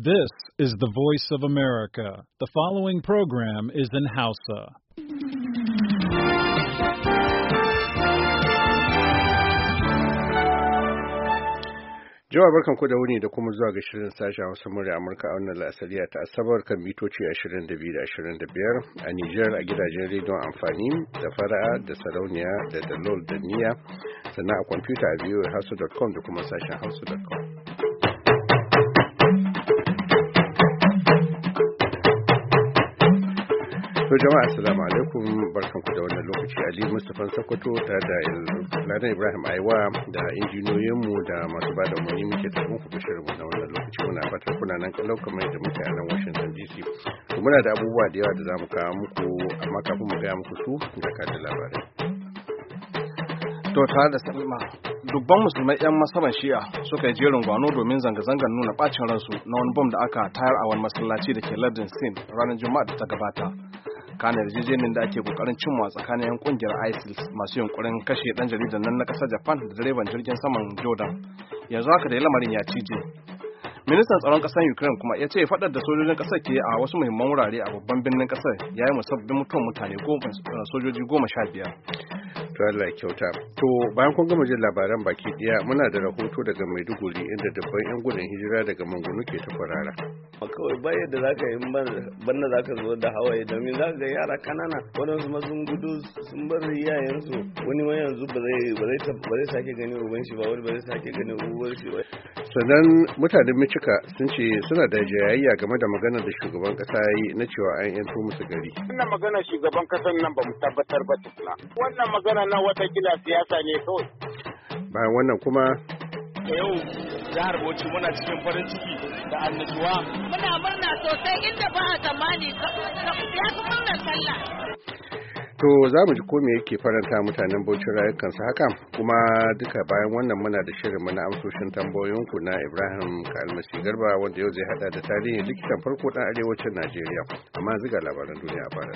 This is the voice of America. The following program is in Hausa. Jawa barkan ku da wuni da kuma zuwa ga shirin sashen Hausa murya Amurka a wannan la'asariya ta Asabar kan mitoci 22 25 a Nijar a gidajen rediyon amfani da fara'a da sarauniya da dalol da niya sannan a kwamfuta a biyu da kuma sashen hausa.com. To jama'a assalamu alaikum barkanku da wannan lokaci Ali Mustapha Sokoto tare da Lana Ibrahim Aiwa da injiniyoyinmu da masu bada umarni muke da ku shirin mu na wannan lokaci muna fatan kuna nan kallon kamar da muke a nan Washington DC. Muna da abubuwa da yawa da za mu kawo muku amma kafin mu gaya muku su da kada labarai. To tare da Salima, dubban musulmai 'yan masaban shi'a suka yi jerin gwano domin zanga-zangar nuna bacin ransu na wani bom da aka tayar a wani masallaci da ke lardin sin ranar juma'a da ta gabata kanar yarjejeniyar da ake kokarin cimma tsakanin yan kungiyar isil masu yunkurin kashe dan jaridar nan na kasar japan da direban jirgin saman jordan yanzu haka da lamarin ya cije ministan tsaron kasar ukraine kuma ya ce fadar da sojojin kasar ke a wasu muhimman wurare a babban birnin kasar ya yi musabbin mutuwar mutane eh, sojoji goma sha biyar to Allah ya kyauta to bayan kun gama jin labaran baki daya muna da rahoto daga maiduguri inda dabban yan gudun hijira daga mangunu ke ta kwarara kawai ba yadda za ka yi banna za ka zo da hawaye domin za ka ga yara kanana waɗansu ma sun gudu sun bar iyayensu wani ma yanzu ba zai sake gani uban shi ba wani ba zai sake gani uwar shi ba sannan mutanen cika sun ce suna da jayayya game da maganar da shugaban kasa ya yi na cewa an yanto musu gari. Wannan magana shugaban kasan nan ba mu tabbatar ba tukuna. Wannan magana na gida siyasa ne kawai. Bayan wannan kuma. yau jihar Bauchi muna cikin farin ciki da annashuwa. Muna murna sosai inda ba a tsammani ya fi murnar sallah. To za mu ji ko me yake faranta mutanen baucin rayukansu haka kuma duka bayan wannan muna da shirin mana amsoshin tambayoyinku na Ibrahim Kalmasi Garba wanda yau zai hada da tarihin likitan farko dan arewacin Najeriya amma ziga labaran duniya a fara.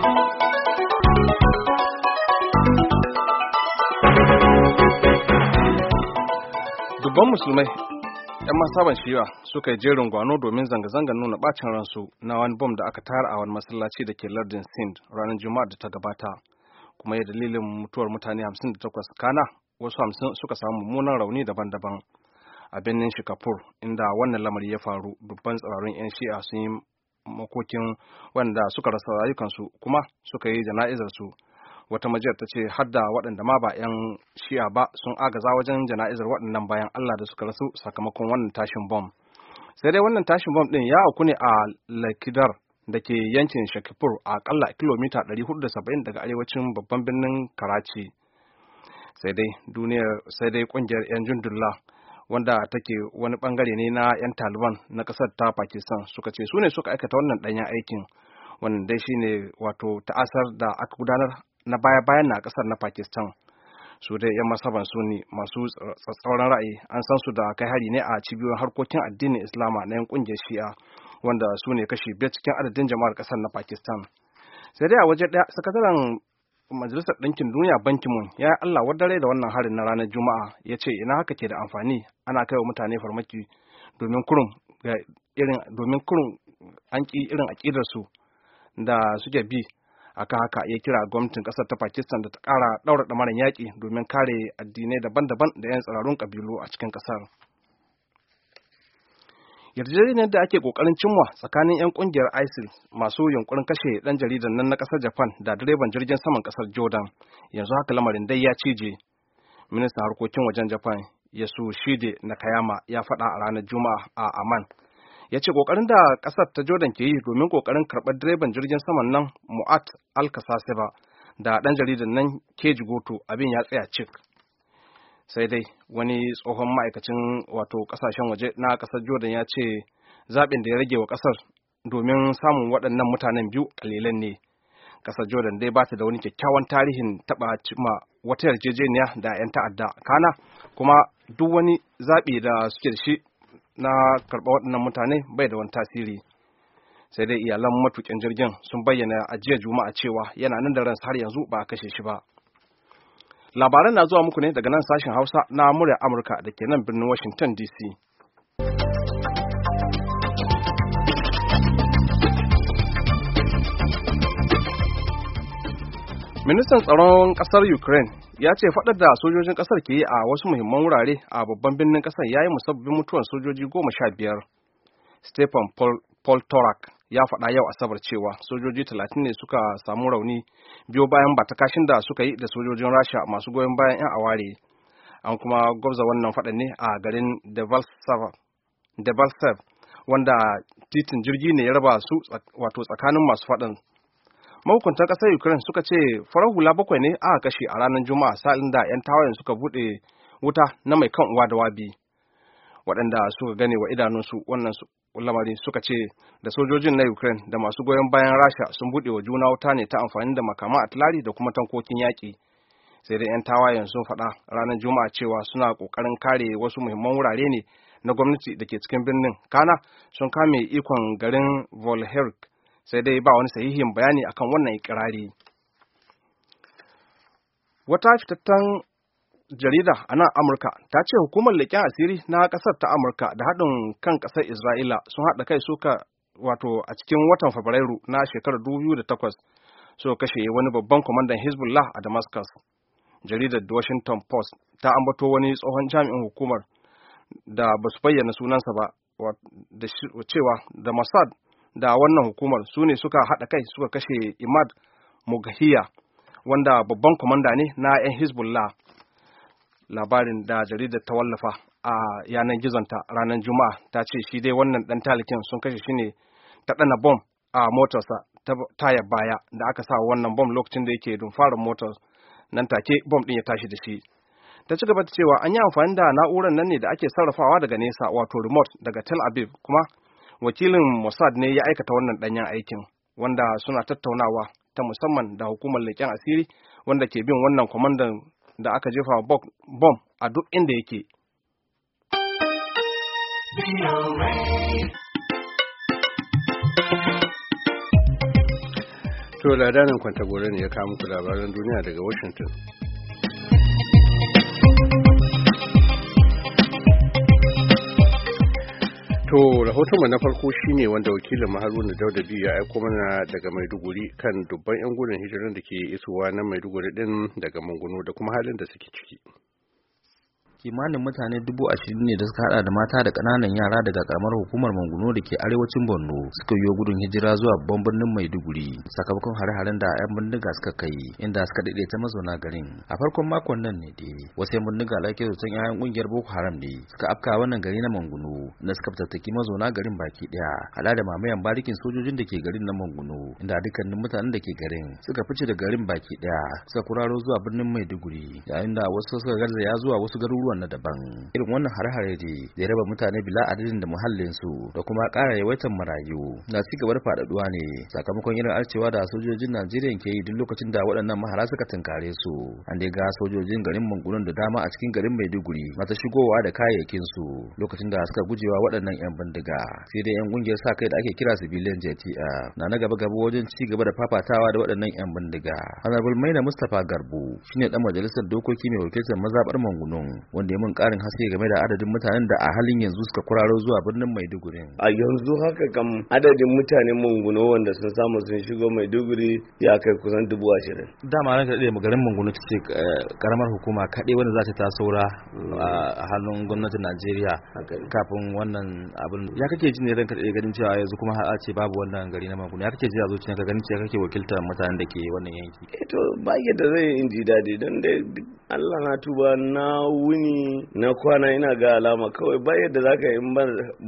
Dubban musulmai 'yan masaban shiwa suka yi jerin gwano domin zanga-zangar nuna bacin ransu na wani bom da aka tara a wani masallaci da ke lardin sind ranar juma'a da ta gabata kuma ya dalilin mutuwar mutane 58 kana wasu 50 suka samu mummunan rauni daban-daban a birnin shikapur inda wannan lamari ya faru dubban tsararrun 'yan shi'a sun yi makokin wanda suka rasa rayukansu kuma suka yi jana'izarsu wata majiyar ta ce har da waɗanda ma ba 'yan shi'a ba sun agaza wajen jana'izar waɗannan bayan allah da suka rasu sakamakon wannan tashin bom sai dai wannan tashin bom ɗin ya auku ne a lakidar da ke yankin Shakipur a akalla kilomita 470 daga arewacin babban birnin Karachi. Sai dai duniyar sai dai kungiyar 'yan jundulla wanda take wani bangare ne na 'yan Taliban na kasar ta Pakistan suka ce su ne suka aikata wannan danyen aikin wannan dai shine wato ta'asar da aka gudanar na baya-bayan na kasar na Pakistan. su dai 'yan masaban su ne masu tsatsauran ra'ayi an san su da kai hari ne a cibiyoyin harkokin addinin islama na yan kungiyar shi'a wanda su ne kashi biyar cikin adadin jama'ar kasar na pakistan sai dai a waje ɗaya sakataren majalisar ɗinkin duniya banki mun ya yi allah wadare da wannan harin na ranar juma'a ya ce ina haka ke da amfani ana kai wa mutane farmaki domin kurum irin domin kurum an ki irin aƙidarsu su da suke bi akan haka ya kira gwamnatin ƙasar ta pakistan da ta ƙara ɗaura ɗamarin yaƙi domin kare addinai daban-daban da 'yan tsirarun ƙabilu a cikin ƙasar. yarjejeniyar da ake kokarin cimma tsakanin 'yan kungiyar isil masu yunkurin kashe dan jaridan nan na kasar japan da direban jirgin saman kasar jordan yanzu haka lamarin dai ya cije ministan harkokin wajen japan yasu shide nakayama ya faɗa a ranar juma'a a aman ya ce kokarin da kasar ta jordan ke yi domin kokarin karɓar direban jirgin saman nan mu'at al-kasasiba da dan jaridan nan keji goto abin ya tsaya cik sai dai wani tsohon ma'aikacin wato kasashen waje na kasar jordan ya ce zaɓin da ya rage wa kasar domin samun waɗannan mutanen biyu kalilan ne Ƙasar jordan dai ba ta da wani kyakkyawan tarihin taɓa cima wata yarjejeniya da 'yan ta'adda kana kuma duk wani zaɓi da suke da shi na karɓa waɗannan mutane bai da wani tasiri sai dai iyalan matukin jirgin sun bayyana a jiya juma'a cewa yana nan da ransa har yanzu ba a kashe shi ba Labaran na zuwa muku ne daga nan sashen Hausa na murya Amurka da ke nan birnin Washington DC. Ministan tsaron Kasar Ukraine ya ce faɗar da sojojin ƙasar ke yi a wasu muhimman wurare a babban birnin ƙasar ya yi musabbin mutuwar sojoji goma sha biyar. Stephen torak ya faɗa yau asabar cewa sojoji talatin ne suka samu rauni biyo bayan kashin da suka yi da sojojin rasha masu goyon bayan 'yan aware an kuma gwabza wannan faɗan ne a garin devalsev wanda titin jirgi ne ya raba su wato tsakanin masu faɗan mahukuntan ƙasar ukraine suka ce farar hula bakwai ne aka kashe a ranar juma'a sa'in da 'yan tawayen suka buɗe wuta na mai kan uwa da wabi waɗanda suka gane wa idanunsu wannan lamari suka ce da sojojin na ukraine da masu goyon bayan rasha sun buɗe wa juna wuta ne ta amfani da makama tilari da kuma tankokin yaƙi sai dai 'yan tawayen sun faɗa ranar juma'a cewa suna ƙoƙarin kare wasu muhimman wurare ne na gwamnati da ke cikin birnin kana sun kame ikon garin volherk sai dai ba wani sahihin bayani akan wannan ikirari wata fitattun jarida a nan Amurka ta ce hukumar leƙen asiri na ƙasar ta Amurka da haɗin kan ƙasar Isra'ila sun haɗa kai suka wato a cikin watan Fabrairu na shekarar 2008 so kashe wani babban kwamandan Hezbollah a Damascus. Jaridar The Washington Post ta ambato wani tsohon jami'in hukumar da ba su bayyana sunansa ba da cewa da Mossad da wannan hukumar su ne suka haɗa kai suka kashe Imad Mugahiya wanda babban kwamanda ne na 'yan Hezbollah. labarin da jaridar ta wallafa a yanar gizonta ranar juma'a ta ce shi dai wannan dan talikin sun kashe shi ne ta dana bom a motarsa taya baya da aka sa wannan bom lokacin da yake fara motar nan take bom din ya tashi da shi ta ci gaba da cewa an yi amfani da na'urar nan ne da ake sarrafawa daga nesa wato remote daga tel aviv kuma wakilin mossad ne ya aikata wannan danyen aikin wanda suna tattaunawa ta musamman da hukumar leƙen asiri wanda ke bin wannan kwamandan da aka jefa bom a duk inda yake. To, ladanin kwanta gore ne ya kawo labaran duniya daga Washington. To rahoton mu na farko shine wanda wakilin Haruna Dauda biyu ya aiko mana daga Maiduguri kan dubban 'yan gudun hijirar da ke isowa na Maiduguri din daga Manguno da kuma halin da suke ciki. kimanin mutane dubu ashirin ne da suka hada da mata da kananan yara daga karamar hukumar manguno da ke arewacin borno suka yi gudun hijira zuwa babban birnin maiduguri sakamakon hare-haren da 'yan bindiga suka kai inda suka daɗe ta mazauna garin a farkon makon nan ne dai wasu 'yan bindiga lafiyar zaton 'ya'yan kungiyar boko haram ne suka afka wannan gari na manguno da suka fitattaki mazauna garin baki ɗaya. hada da mamayan barikin sojojin da ke garin na manguno inda dukkanin mutanen da ke garin suka fice da garin baki ɗaya suka kuraro zuwa birnin maiduguri yayin da wasu suka garzaya zuwa wasu garuruwan abubuwan daban irin wannan hare-hare ne da raba mutane bila adadin da su da kuma ƙara yawaitar marayu na ci gaba da faɗaɗuwa ne sakamakon irin arcewa da sojojin Najeriya ke yi duk lokacin da waɗannan mahara suka tunkare su an dai ga sojojin garin mungunan da dama a cikin garin Maiduguri mata shigowa da kayayyakin su lokacin da suka gujewa waɗannan 'yan bindiga sai dai 'yan ƙungiyar sa kai da ake kira civilian JTF na na gaba-gaba wajen ci gaba da fafatawa da waɗannan 'yan bindiga Honorable Maina Mustapha Garbu shine dan majalisar dokoki mai wakiltar mazabar Mangunun samun neman karin haske game da adadin mutanen da a halin yanzu suka kuraro zuwa birnin Maiduguri. A yanzu haka kam adadin mutanen Munguno wanda sun samu sun shigo Maiduguri ya kai kusan dubu ashirin. Dama ran kaɗai garin Munguno ta ce karamar eh, hukuma kaɗai wanda za ta ta saura mm. a hannun gwamnatin Najeriya kafin wannan abin. Ya kake jin ran kaɗai ganin cewa yanzu kuma a ce babu wannan gari na Munguno ya kake ji a zuciya ka ganin cewa kake wakiltar mutanen da ke wannan yanki. Eh to ba yadda zai in ji daɗi don dai Allah na tuba na wuni na kwana ina ga alama kawai ba yadda ka yi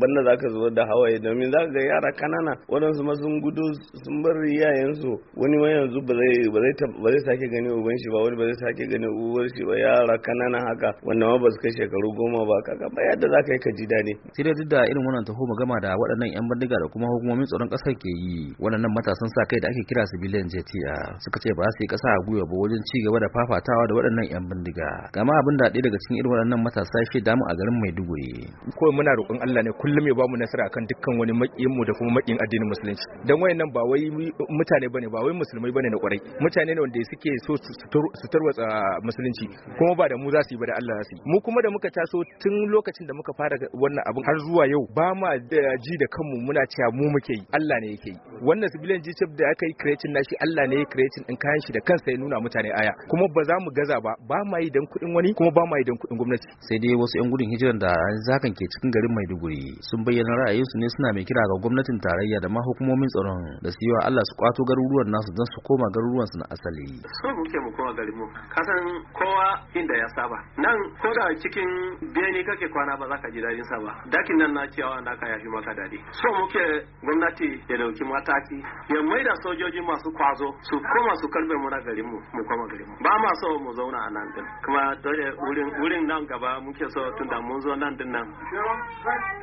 banda ka zubar da hawaye domin ka ga yara kanana waɗansu ma sun gudu sun bar iyayensu wani ma yanzu ba zai sake gani uban shi ba wani ba zai sake gani uban shi ba yara kanana haka wanda ma ba su kai shekaru goma ba kaga ba yadda ka yi ka ji daɗi sai dai duk da irin wannan taho magama da waɗannan yan bandiga da kuma hukumomin tsaron ƙasar ke yi waɗannan matasan sa kai da ake kira civilian a suka ce ba su yi ƙasa a gwiwa ba wajen ci gaba da fafatawa da waɗannan yan bindiga gama abin da ɗaya daga cikin irin waɗannan matasa shi damu a garin maiduguri Ko muna roƙon allah ne kullum ya bamu nasara akan dukkan wani maƙiyin mu da kuma maƙiyin addinin musulunci dan wayannan ba wai mutane bane ba wai musulmai bane na ƙwarai mutane ne wanda suke so su tarwatsa musulunci kuma ba da mu za su yi ba da allah za su yi mu kuma da muka taso tun lokacin da muka fara wannan abin har zuwa yau ba ma ji da kanmu muna cewa mu muke yi allah ne yake yi wannan civilian g da aka yi creating nashi allah ne ya creating din kayan shi da kansa ya nuna mutane aya kuma ba za mu gaza ba ba ma yi dan kuɗin wani kuma ba ma yi dan kuɗin gwamnati sai dai wasu yan gudun hijiran da zakan ke cikin garin Maiduguri sun bayyana ra'ayinsu ne suna mai kira ga gwamnatin tarayya da ma hukumomin tsaron da su wa Allah su kwato garuruwan nasu don su koma garuruwan su na asali so muke mu koma garin mu kasan kowa inda ya saba nan ko da cikin bene kake kwana ba za ka ji dadin sa ba dakin nan na ciyawa na ka yafi maka dadi so muke gwamnati ya dauki mataki ya maida sojoji masu kwazo su koma su karbe mu na garin mu mu koma garin mu ba ma so mu zauna a nan kuma dole wurin nan gaba muke so tun da mun zo nan din nan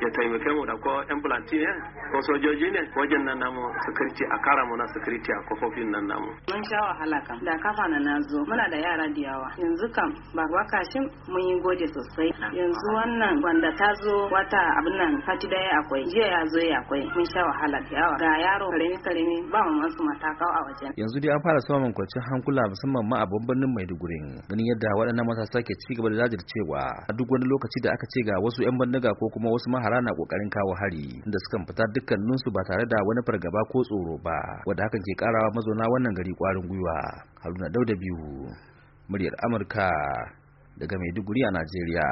ya taimake mu da ko yan bulanti ne ko sojoji ne wajen nan namu security a kara mu na security a kofofin nan namu mun sha wahala kam da kafa na nazo muna da yara da yawa yanzu kam ba kashin mun yi gode sosai yanzu wannan wanda ta zo wata abin nan fati daya akwai jiya ya zo ya akwai mun sha wahala da yawa ga yaro karemi karemi ba mu masu matakau a wajen yanzu dai an fara samun kwanciyar hankula musamman ma a babban Maiduguri ganin yadda waɗannan matasa ke ci gaba da jajircewa a duk wani lokaci da aka ce ga wasu 'yan bandaga ko kuma wasu mahara na ƙoƙarin kawo hari da sukan fita dukkaninsu ba tare da wani fargaba ko tsoro ba wanda hakan ke karawa mazauna wannan gari ƙwarin gwiwa haruna dauda biyu muryar amurka daga maiduguri a najeriya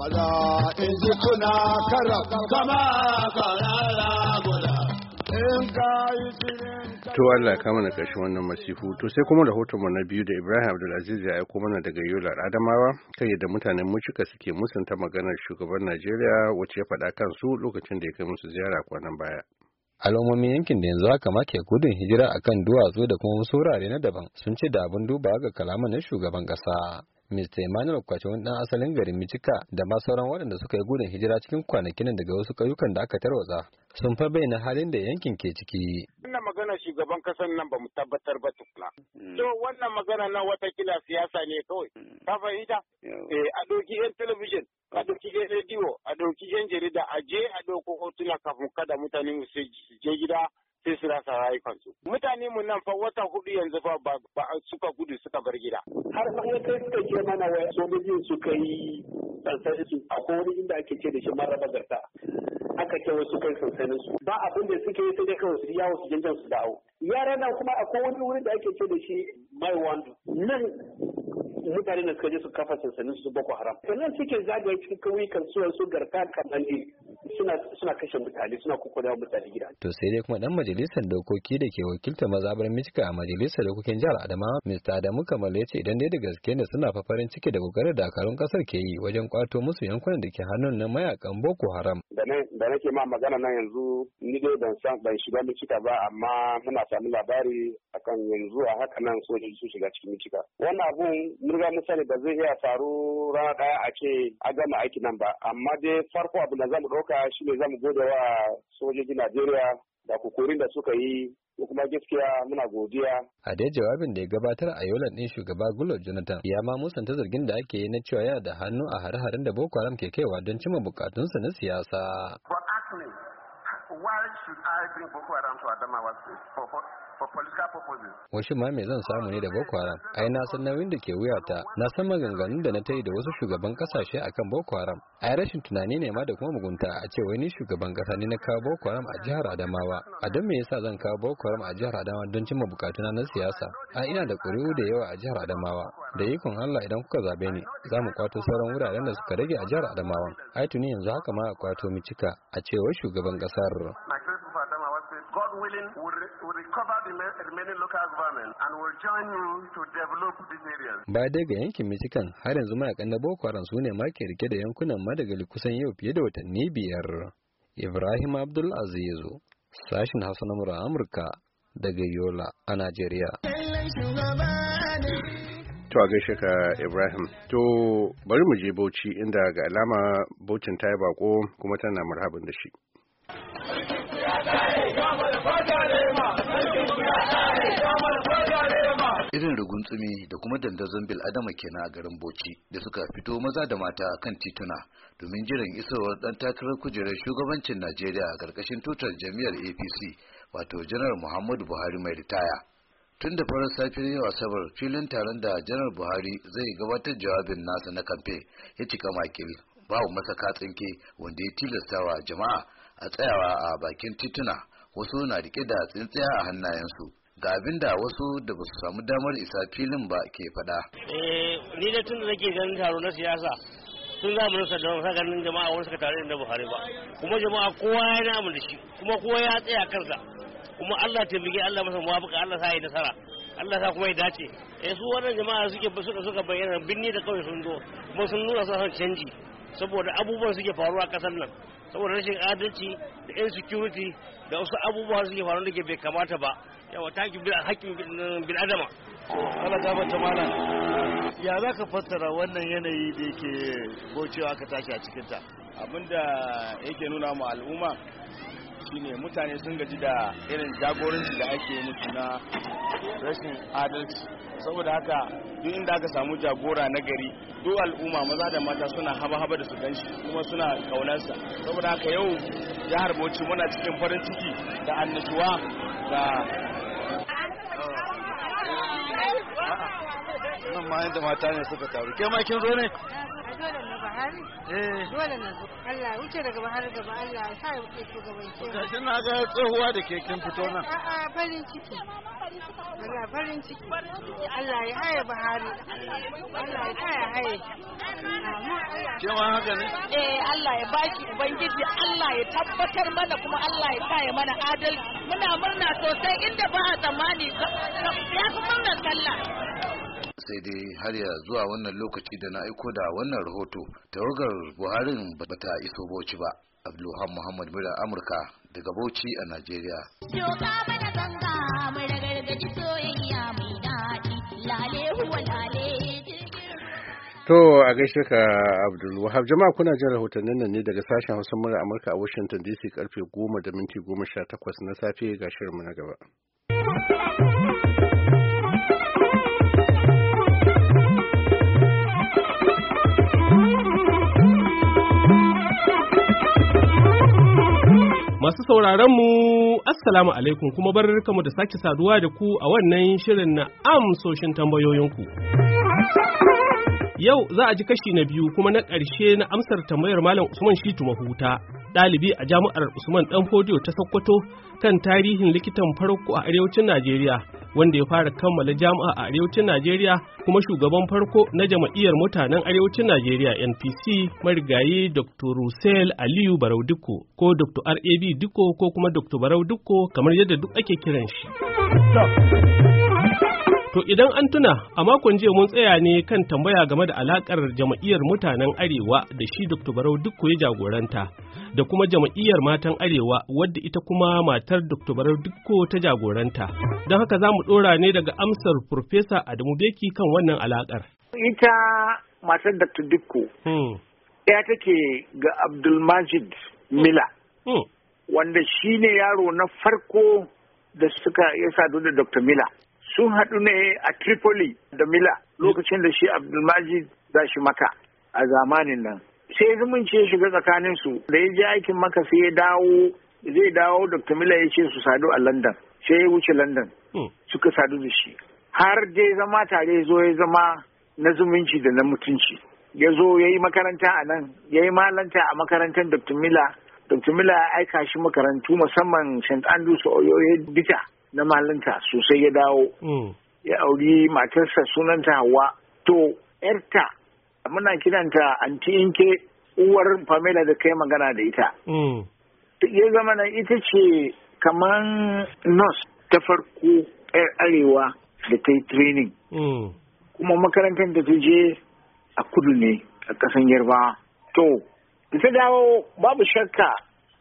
maza in ji kama kara To Allah ka mana ƙarshen wannan masifu to sai kuma rahotonmu na biyu da Ibrahim Abdulaziz ya aiko mana daga Yola Adamawa kan yadda mutanen Mucika suke musanta maganar shugaban Najeriya wacce ya faɗa kansu lokacin da ya kai musu ziyara kwanan baya. al'ummomin yankin da yanzu haka ma ke gudun hijira akan duwatsu da kuma wasu wurare na daban sun ce da abin duba ga kalaman na shugaban ƙasa Mr. Emmanuel Kwace wani dan asalin garin Michika da ma sauran waɗanda suka yi gudun hijira cikin kwanakin daga wasu ƙauyukan da aka tarwatsa sun fa bayyana halin da yankin ke ciki. Wannan magana shugaban kasan nan ba mu tabbatar ba tukuna. To mm. wannan magana na watakila siyasa ne kawai. Mm. Ka fahimta? Eh, a ɗauki 'yan talabijin, a ɗauki 'yan rediyo, a ɗauki 'yan jarida, a je a ɗauko hotuna kafin kada mutane su je gida sai su rasa rayukansu. Mutane mu nan fa wata hudu yanzu fa ba suka gudu suka bar gida. Har ta ke mana wai sojojin su yi sansanin su a wani inda ake ce da shi mara garta. Aka ce wasu kai sansanin su. Ba abin da suke yi sai dai kawai su yawo su jinjan su dawo. Yaran nan kuma a wani wurin da ake ce da shi mai wandu. Nan mutane da suka je su kafa sansanin su boko haram sannan suke zagaye cikin kauyukan su su garka kamali suna suna kashe mutane suna kokoda mutane gida to sai dai kuma dan majalisar dokoki da ke wakilta mazabar Michigan a majalisar dokokin jihar adama Mr. Adamu Kamal ya ce idan dai da gaske ne suna fa farin ciki da kokarin dakarun kasar ke yi wajen kwato musu yankunan da ke hannun na mayakan boko haram da nake ma magana nan yanzu ni dai ban san ban shiga Michigan ba amma muna sami labari akan yanzu a haka nan sojoji su shiga cikin Michigan wannan abun murga misali ba zai iya faru rana daya a ce a gama aiki nan ba amma dai farko abu da zamu ɗauka shine zamu gode wa sojojin Najeriya da kokorin da suka yi ko kuma gaskiya muna godiya. A dai jawabin da ya gabatar a yolan din shugaba Gulo Jonathan ya ma musanta zargin da ake yi na cewa yana da hannu a har-harin da Boko Haram ke kaiwa don cimma bukatunsa na siyasa. why should I bring Boko Haram to Adamawa for, for Wasu ma me zan samu ne da Boko Haram? Ai na san nauyin da ke wuyata, na san maganganun da na ta da wasu shugaban kasashe akan Boko Haram. Ai rashin tunani ne ma da kuma mugunta a ce wai ni shugaban kasa ne na kawo Boko Haram a jihar Adamawa. A don me yasa zan kawo Boko Haram a jihar Adamawa don cimma bukatuna na siyasa? Ai ina da ƙuri'u da yawa a jihar Adamawa. Da ikon Allah idan kuka zabe ni, za mu kwato sauran wuraren da suka rage a jihar Adamawa. Ai tuni yanzu haka ma a kwato mu cika a cewar shugaban kasar. God willing, we'll, re we'll recover the remaining local government and we'll join you to develop these areas. Ba dai ga yankin Michigan, har yanzu mayakan na Boko Haram su ne make rike da yankunan Madagali kusan yau fiye da watanni biyar. Ibrahim Abdul Azizu, sashin Hausa na Amurka daga Yola a Najeriya. To a gaishe ka Ibrahim. To bari mu je Bauchi inda ga alama Bauchin ta yi bako kuma tana marhabin da shi. irin rugu-n-tsumi da kuma dandazon bil adama kenan a garin Bauchi da suka fito maza da mata kan tituna domin jiran isowar dan takarar kujerar shugabancin Najeriya a karkashin tutar jami'ar APC wato Janar Muhammadu Buhari mai ritaya. Tun da farar safiyar yau Asabar filin taron da Janar Buhari zai gabatar jawabin nasa na kamfe ya cika makil babu masa katsinke wanda ya tilastawa jama'a a tsayawa a bakin tituna wasu na rike da tsintsiya a hannayensu ga abin da wasu da ba su samu damar isa filin ba ke faɗa. Eh, ni da tun da nake ganin taro na siyasa tun zamanin da sa ganin jama'a wani suka tare da Buhari ba kuma jama'a kowa ya namu da shi kuma kowa ya tsaya kansa kuma Allah taimake Allah masa muwafaka Allah sa yi nasara Allah sa kuma ya dace eh su wannan jama'a suke suka suka bayyana binni da kawai sun zo kuma sun nuna son canji saboda abubuwan suke faruwa a kasar nan saboda rashin adalci da insecurity da wasu abubuwa suke faru da ke bai kamata ba yawa taki hakkin bil adama kala gaba ta mala ya za ka fassara wannan yanayi da yake gocewa ka tashi a cikin ta abinda yake nuna mu al'umma shine mutane sun gaji da irin jagoranci da ake musu na rashin adalci saboda haka duk inda aka samu jagora na gari duk al'umma maza da mata suna haba-haba da su ganshi kuma suna kaunarsa saboda haka yau jihar bauchi muna cikin farin ciki da annashuwa da nan ma mata ne suka taru ke ma zo ne Buhari? Eh. Dole na zo. Allah wuce daga Buhari gaba Allah ya sa ya wuce shugabanci. Gashi na ga tsohuwa da ke kin fito nan. A'a farin ciki. Allah farin ciki. Allah ya haye Buhari. Allah ya haye haye. Ke ma haka ne? Eh Allah ya baki Ubangiji Allah ya tabbatar mana kuma Allah ya sa ya mana adalci. Muna murna sosai inda ba a tsammani ya fi murnar sallah. sai dai har ya zuwa wannan lokaci da na aiko da wannan rahoto tawagar buharin ba ta iso bauchi ba abdulluhan muhammad mura amurka daga bauchi a najeriya To a gaishe ka Abdul Wahab jama'a kuna jin rahotannin nan ne daga sashen Hausa mura Amurka a Washington DC karfe 10 da minti 18 na safe ga shirinmu na gaba. Masu sauraron mu Assalamu alaikum kuma bar mu da sake saduwa da ku a wannan shirin na amsoshin tambayoyinku. Yau za a ji kashi na biyu kuma na ƙarshe na amsar tambayar Malam Usman Shitu Mahuta, ɗalibi a jami'ar Usman ɗan Fodiyo ta Sokoto kan tarihin likitan farko a arewacin Najeriya, wanda ya fara kammala jami'a a arewacin Najeriya kuma shugaban farko na jama'iyyar mutanen arewacin Najeriya NPC marigayi Dr. Russell Aliyu Barau Dikko ko Dr. RAB Dikko ko kuma Dr. Barau Dikko kamar yadda duk ake kiran shi. To idan an tuna a makon jiya mun tsaya ne kan tambaya game da alakar jama'iyyar mutanen Arewa da shi Dr. Barau Dukko ya jagoranta da kuma jama'iyyar matan Arewa wadda ita kuma matar Dr. Barau Dukko ta jagoranta. Don haka za mu ɗora ne daga amsar Profesa Adamu Beki kan wannan alakar. Ita matar Dr. Dukko ɗaya hmm. take ga Abdulmajid Mila hmm. wanda shi ne yaro na farko da suka ya sadu da Dr. Mila. sun haɗu ne a Tripoli da Mila lokacin da shi Abdulmajid za shi maka a zamanin nan. Sai zumunci ya shiga tsakanin su da ya je aikin maka sai ya dawo zai dawo Dr. Mila ya ce su sadu a London. Sai ya wuce London hmm. suka sadu da shi. Har dai zama tare zo ya zama na zumunci da na mutunci. Ya zo ya yi makaranta a nan, ya yi malanta a makarantar Dr. Mila. Dr. Mila ya aika shi makarantu musamman St. Andrews Oyo Bita. na malinta sosai ya dawo mm. ya auri matarsa sunanta hawa to yarta muna kiranta anti inke uwar Famila da kai magana da ita mm. ya zama na ita ce kaman nurse ta farko yar arewa da ta yi training mm. kuma makarantar da ta je a kudu ne a kasan yarbawa to ita dawo babu shakka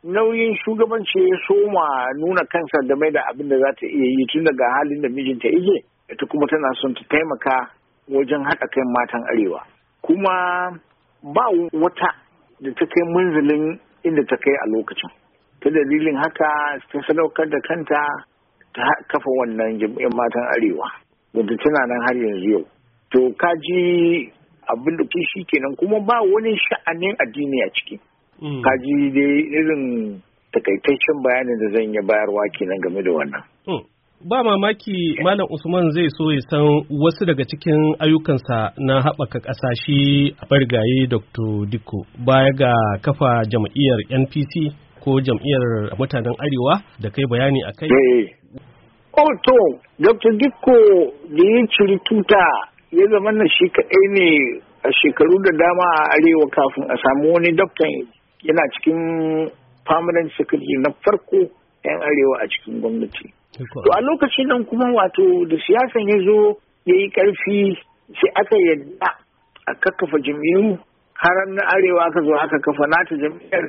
nauyin shugabanci ya soma nuna kansa game da abin da za ta iya yi tun daga halin da mijinta ije ita kuma tana son ta taimaka wajen haɗa kai matan arewa kuma ba wata da ta kai munzulin inda ta kai a lokacin ta dalilin haka ta sadaukar da kanta ta kafa wannan jam'iyyar matan arewa wanda tana nan har yanzu yau to kaji abin da kishi kenan kuma ba wani sha'anin addini a ciki Mm. kaji dai irin takaitaccen bayanin da zan yi bayarwa kenan game da wannan. Ba mamaki Malam Usman zai so ya san wasu daga cikin ayyukansa na haɓaka ƙasashe a bargaye Dr. Dikko baya ga kafa jam'iyyar NPC ko jam'iyyar mutanen Arewa da kai bayani a kai. Eh. Oh Dr. Dikko da ya ciri tuta ya zama na shi kaɗai ne a shekaru da dama a Arewa kafin a samu wani doktan yana cikin permanent security na farko 'yan arewa a cikin gwamnati. To a lokacin nan kuma wato da siyasan ya zo ya yi ƙarfi sai aka yadda a kakkafa jam'iyyu har na arewa aka zo aka kafa nata jam'iyyar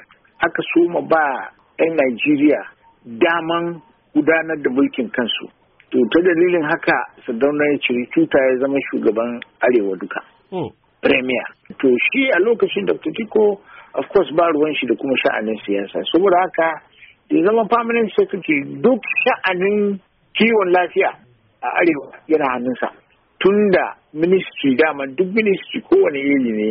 aka soma ba 'yan Najeriya daman gudanar da mulkin kansu. To ta dalilin haka Sardauna ya ciri tuta ya zama shugaban arewa duka. Hmm. Premier. To shi a lokacin da Tiko of course ba ruwan shi da kuma sha'anin siyasa saboda haka ya zama permanent secretary duk sha'anin kiwon lafiya a arewa yana hannunsa tunda ministry dama duk ministry kowane iri ne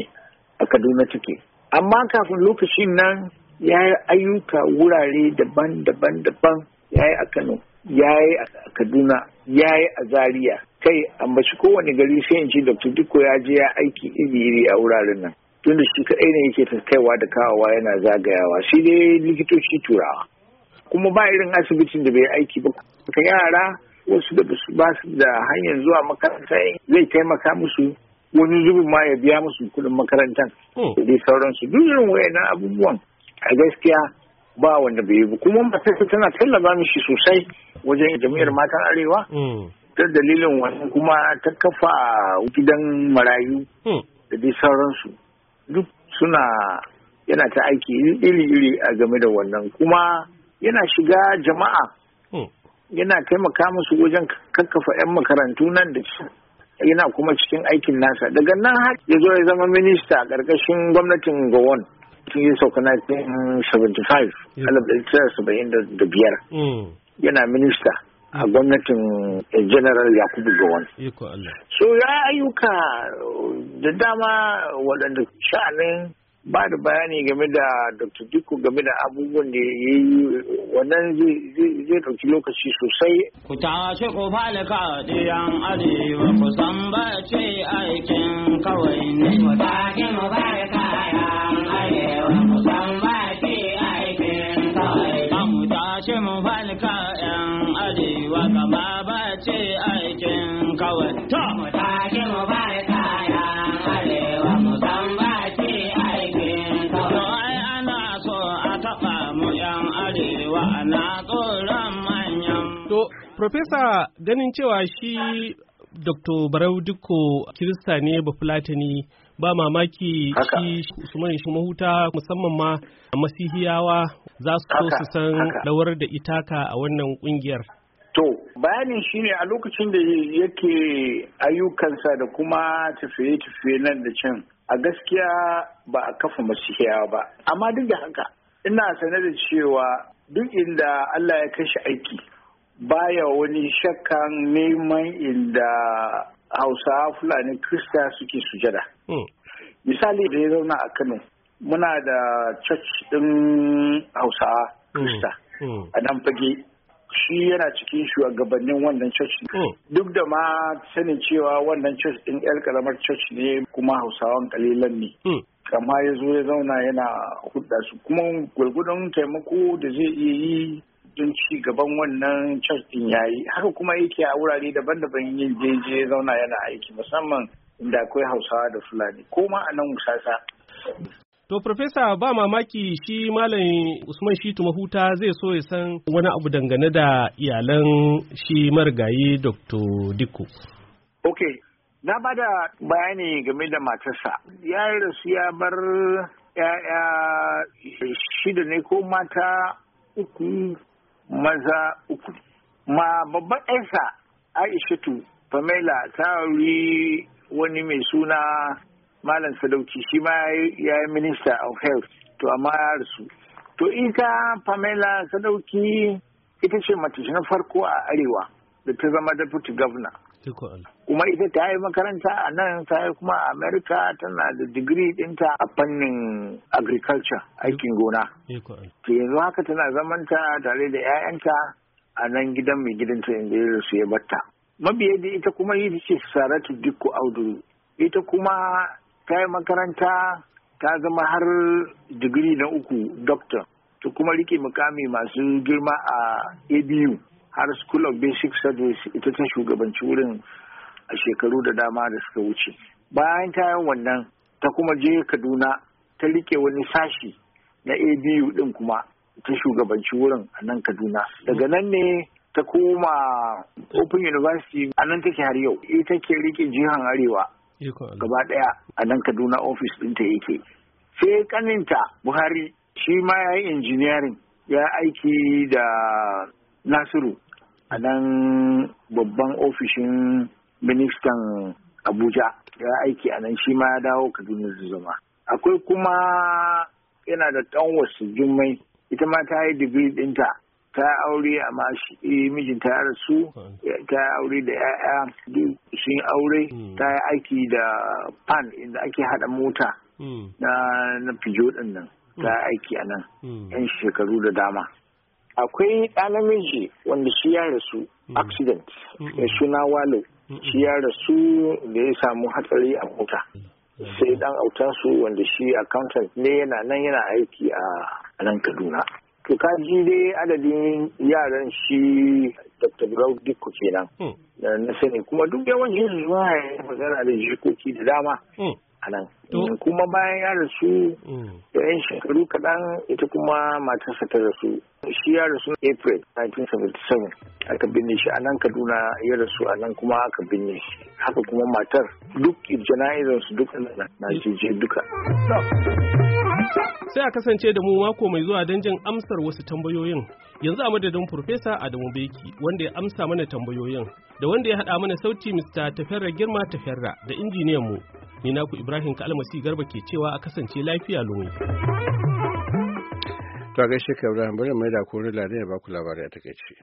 a kaduna take amma kafin lokacin nan ya yi ayyuka wurare daban-daban daban ya yi a kano ya yi a kaduna ya yi a zaria kai ambaci kowane gari sai in ce dr Dukko ya je ya aiki iri-iri a wuraren nan tunda shi kaɗai ne yake kaiwa da kawowa yana zagayawa shi ne likitoci turawa kuma ba irin asibitin da bai aiki ba ka yara wasu da su ba da hanyar zuwa makaranta zai taimaka musu wani zubin ma ya biya musu kuɗin makarantar hmm. da dai sauransu duk irin wayannan abubuwan a gaskiya ba wanda bai yi ba kuma matasa tana tallafa mishi sosai wajen jami'ar matan arewa hmm. ta dalilin wani kuma ta kafa gidan marayu hmm. da dai sauransu duk suna yana ta aiki iri-iri a game da wannan kuma yana shiga jama'a hmm. yana taimaka musu wajen kakkafa 'yan makarantu nan da su yana kuma cikin aikin nasa daga nan har ya zo ya zama minista a ƙarƙashin gwamnatin gowon tun yi sauka 1975 hmm. hmm. yana minista a gwamnatin general yakubu gawan so ya ayyuka da dama waɗanda sha'anin ba da bayani game da dr dikko game da abubuwan da ya yi wannan zai ɗauki lokaci sosai ku tashi ku falka ɗiyan arewa ku san ba ce aikin kawai ne ku tashi mu barka yan arewa ku san ba ce aikin kawai mu tashi mu falka Profesa ganin cewa shi Dr. Barau Dikko Kirista ne Bafulatani ba mamaki shi Usman shi mahuta musamman ma Masihiyawa za su so su san lawar da itaka a wannan kungiyar. To, bayanin shi ne a lokacin da yake ayyukansa da kuma tafiye-tafiye nan da can a gaskiya ba a kafa Masihiyawa ba. Amma duk da haka, ina sane da cewa duk inda Allah ya kashe aiki baya wani shakkan neman inda hausawa fulani krista suke sujada hmm. misali da ya zauna a kano muna da church din hausawa hmm. krista hmm. a nan fage shi yana cikin shugabannin wannan church duk da ma sanin cewa wannan church din yar karamar church ne kuma hausawan kalilan ne kama ya zo ya zauna yana hudda su kuma gwargwadon taimako da zai iya yi don ci gaban wannan church din yayi haka kuma yake a wurare daban-daban yin jeje zauna yana aiki musamman inda akwai hausawa da fulani ko ma a nan musasa To, Profesa, ba mamaki shi Malam Usman Shitu Mahuta zai so ya san wani abu dangane da iyalan shi marigayi Dr. Dikko. Ok, na ba da bayani game da matarsa. Ya yi rasu ya bar ‘ya'ya shida ne ko mata uku maza uku ma babban ɗansa aishatu pamela ta wuri wani mai suna malam sadauki shi ma ya yi minista of health to amma ya rasu to ita pamela sadauki ita ce mace na farko a arewa da ta zama deputy governor kuma ita ta yi makaranta a nan ta yi kuma a america tana da digiri dinta a fannin agriculture aikin gona ke yanzu haka tana zamanta tare da 'ya'yanta a nan gidan mai gidanta yanzu su ya batta mabiya da ita kuma yi ce saratu duk audu ita kuma ta yi makaranta ta zama har digiri na uku doctor ta kuma rike mukami masu girma a abu har school of basic service ita ta shugabanci wurin a shekaru da dama da suka wuce bayan ta wannan ta kuma je kaduna ta rike wani sashi na abu din kuma ta shugabanci wurin a nan kaduna daga nan ne ta koma open university a nan take har yau ita ke rike jihar arewa gaba daya a nan kaduna office ɗinta yake sai kaninta buhari shi ma ya yi engineering ya aiki da nasiru a nan babban ofishin ministan abuja ya aiki a nan shi ma ya dawo kaduna da zama akwai kuma yana da ɗan wasu jummai ita ma ta yi digiri ɗinta ta aure a amma eh, mijinta ya rasu ta aure da 'ya'ya sun yi aure hmm. ta yi aiki da pan inda ake haɗa mota hmm. na fijo ɗin nan ta hmm. aiki a nan 'yan shekaru da dama akwai ɗa namiji wanda shi ya rasu mm. accident mai suna walo shi ya rasu da ya samu hatsari a mota sai dan autansu wanda shi accountant ne yana nan yana aiki a nan kaduna to ka ji dai adadin yaran shi dr brown dikko kenan mm. na sani kuma duk yin zuwa ya magana da jikoki da dama mm. a nan Mm, kuma bayan ya rasu da mm. yan shekaru kaɗan ita kuma matarsa ta rasu shi ya rasu april 1977 aka binne shi a nan kaduna ya rasu a nan kuma aka binne shi haka kuma matar duk jana'izarsu duka na duka. Sai a kasance da mu mako mai zuwa don jin amsar wasu tambayoyin. Yanzu a madadin Profesa Adamu Beki wanda ya amsa mana tambayoyin da wanda ya haɗa mana sauti Mr. tafarra Girma tafarra da injiniyan mu. Ni naku Ibrahim Kalmasi Garba ke cewa a kasance lafiya lumi. Ta gaishe ka Ibrahim bari mai da kori lare ya baku labarai a takaice.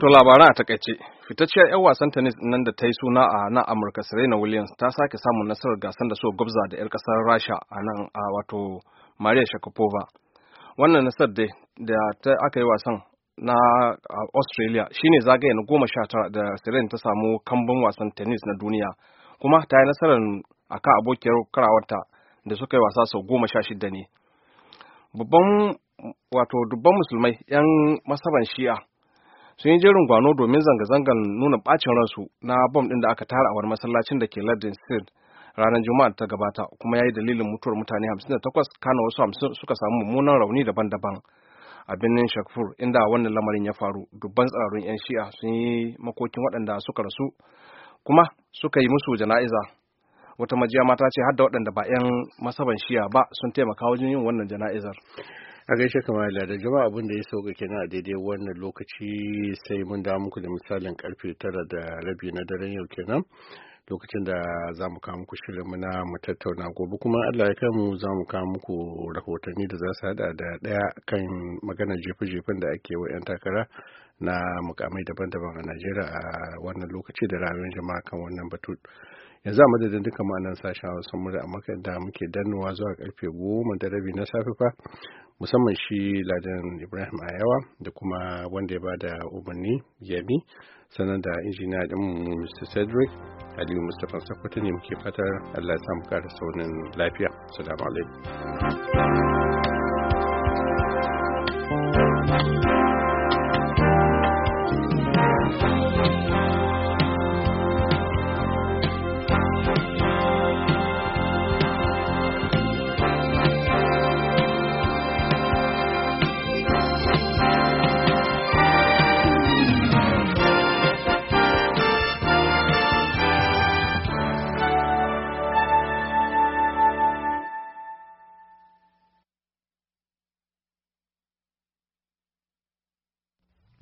To labaran a takaice. fitacciyar 'yan wasan tennis nan da ta yi suna a na amurka serena williams ta sake samun nasarar gasar da so gwabza da 'yar kasar rasha a nan a wato maria shakapova wannan nasar da ta aka yi wasan na australia shine zagaye na goma sha tara da serena ta samu kambun wasan tennis na duniya kuma ta yi nasarar akan abokiyar karawarta da suka yi wasa sau goma sha shida ne babban wato dubban musulmai 'yan masaban shi'a sun yi jerin gwano domin zanga-zangar nuna bacin ransu na bom ɗin da aka tara a wani masallacin da ke lardin sid ranar juma'a ta gabata kuma ya yi dalilin mutuwar mutane 58 kana wasu 50 suka samu mummunan rauni daban-daban a birnin shakfur inda wannan lamarin ya faru dubban tsararrun 'yan shi'a sun yi makokin waɗanda suka rasu kuma suka yi musu jana'iza wata majiya mata ce har da waɗanda ba 'yan masaban shi'a ba sun taimaka wajen yin wannan jana'izar a gaishe kamar da jama'a abin da ya sauka kenan a daidai wannan lokaci sai mun da muku da misalin karfe tara da rabi na daren yau kenan lokacin da za mu kawo muku shirin muna mu tattauna gobe kuma Allah ya kai mu za mu kawo muku rahotanni da za su hada da daya kan magana jefe-jefen da ake wa 'yan takara na mukamai daban-daban a Najeriya a wannan lokaci da rayuwar jama'a kan wannan batu. yanzu a madadin duka ma'anar sashen hausa murya amurka da muke danuwa zuwa karfe goma da rabi na safe fa musamman shi ladan ibrahim ayawa da kuma wanda ya ba da umarni yabi sannan da injiniya din mr cedric aliyu mustapha sakwata ne muke fatar allah ya samu kara saunin lafiya salamu alaikum